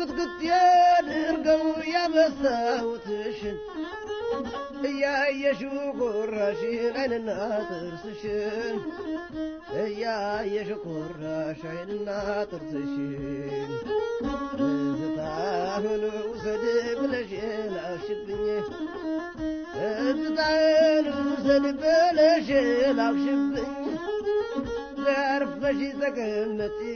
قد قد يا نرقو يا مسا تشد يا يا شكر عين الناطر سشين يا يا شكر رشيق الناطر سشين زتاهل وسدب لشيل عشبني زتاهل وسدب الدنيا عشبني لعرف فشي سكنتي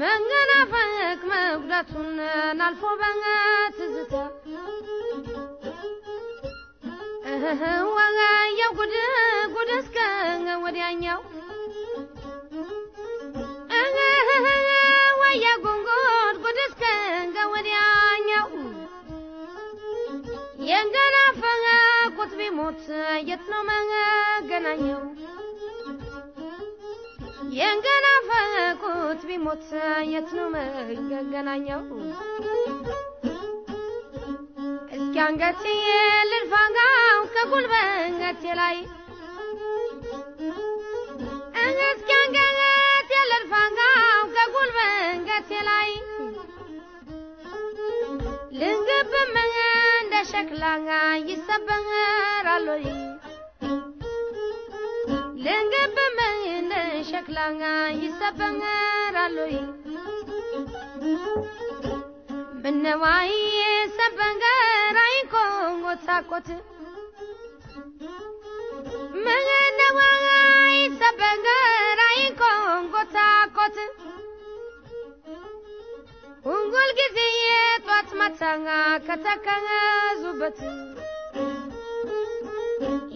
መንገናፈቅ መጉዳቱን አልፎ በትዝታ ወጋየው ጉድ ጉድ እስከ ወዲያኛው ወያ ጉንጉድ ጉድ እስከ ወዲያኛው የንገናፈቁት ቢሞት የት ነው መገናኛው የንገናፈ ናፍቆት ቢሞት የት ነው መገናኛው? እስኪ አንገትዬ ልልፋጋው ከጉልበንገቴ ላይ እስኪ አንገቴ ልልፋጋው ከጉልበንገቴ ላይ ልንግብም እንደ ሸክላጋ ይሰበራል kilanga yisabangaraloy ምነዋይ ሰበንገራይ ኮንጎታቆት ምነዋይ ሰበንገራይ ኮንጎታቆት ሁንጉል ጊዜ ጧት ማታኛ ከተከዙበት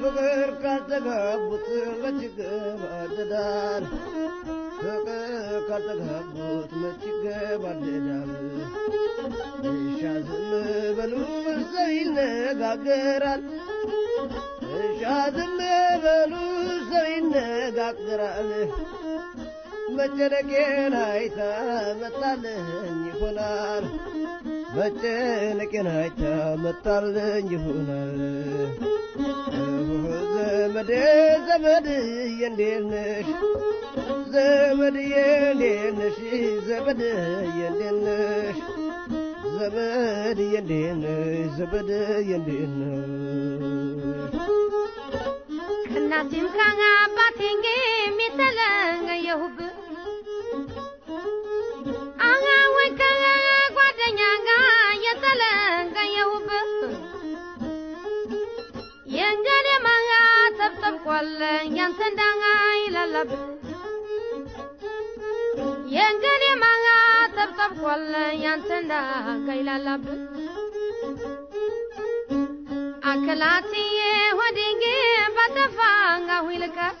ፍቅር ካልተጋቡት መች ይገባል ትዳር ፍቅር ካልተጋቡት መች ይገባል ትዳር እሻ ዝም በሉ ሰው ይነጋገራል እሻ ዝም በሉ ሰው ይነጋገራል መጨነቄን አይታ መጣልኝ ይሆናል መጨነቄን አይታ መጣልኝ ይሆናል ዘመዴ ዘመድዬ እንዴት ነሽ ዘመድዬ እንዴት ነሽ ዘመድዬ እንዴት ነሽ ዘመድዬ እንዴት ነሽ ዘመድዬ እንዴት ነሽ ከእናቴም ከአባቴ የሚተለየሁብ ሆነዋል ያንተን ዳንጋይ ላላብ የእንገሌ ማንጋ ጠብጠብኳል ያንተን ዳንጋይ ላላብ አከላትዬ ሆዴጌ ባጠፋ አንጋሁ ይልቀስ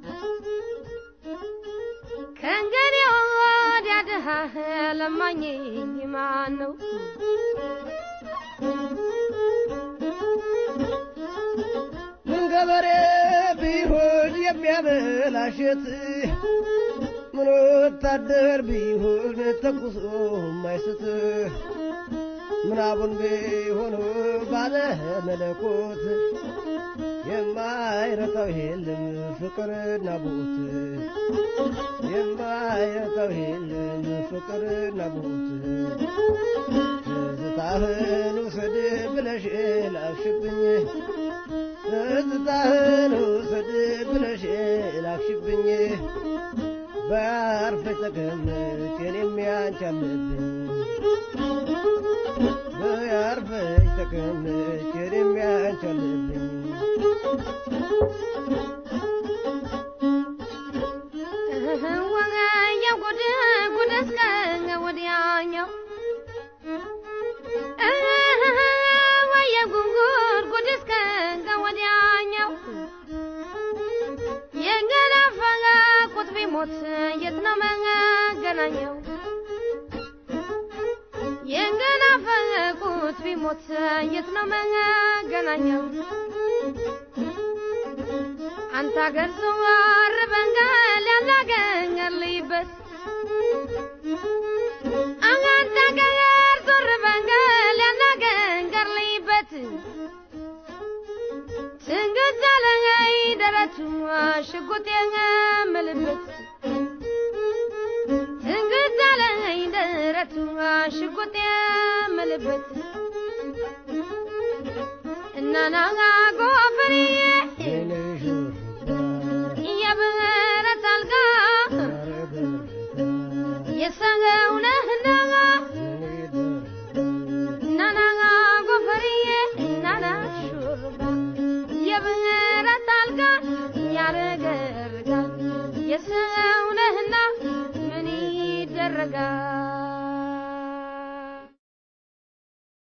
ከእንግዲህ ወዲያ ድሃህ ለማኝ ማን ነው? ምን ገበሬ ቢሆን የሚያበላሸት ምን ወታደር ቢሆን ተኩሶ ማይስት ምናቡን ቢሆን ባለ መለኮት የማይረሳው የለም ፍቅርና ቦት የማይረሳው የለም ፍቅርና ቦት ትዝታህን ውሰድ ብለሽ ላክሽብኝ ትዝታህን ውሰድ ብለሽ ላክሽብኝ ባርፈሽ ተቀመጭ የኔም ያንቺ አለብኝ ባርፈሽ ተቀመጭ ሞት የት ነው መገናኛው? አንተ አገር ዘወር በንጋል ያላገኛልበት አንተ አገር ዞር በንጋል ያላገኛልበት ጭንቅጫ ለይ ደረቱ ሽጉጥ የምልበት ሽጉጥ የምልበት na na na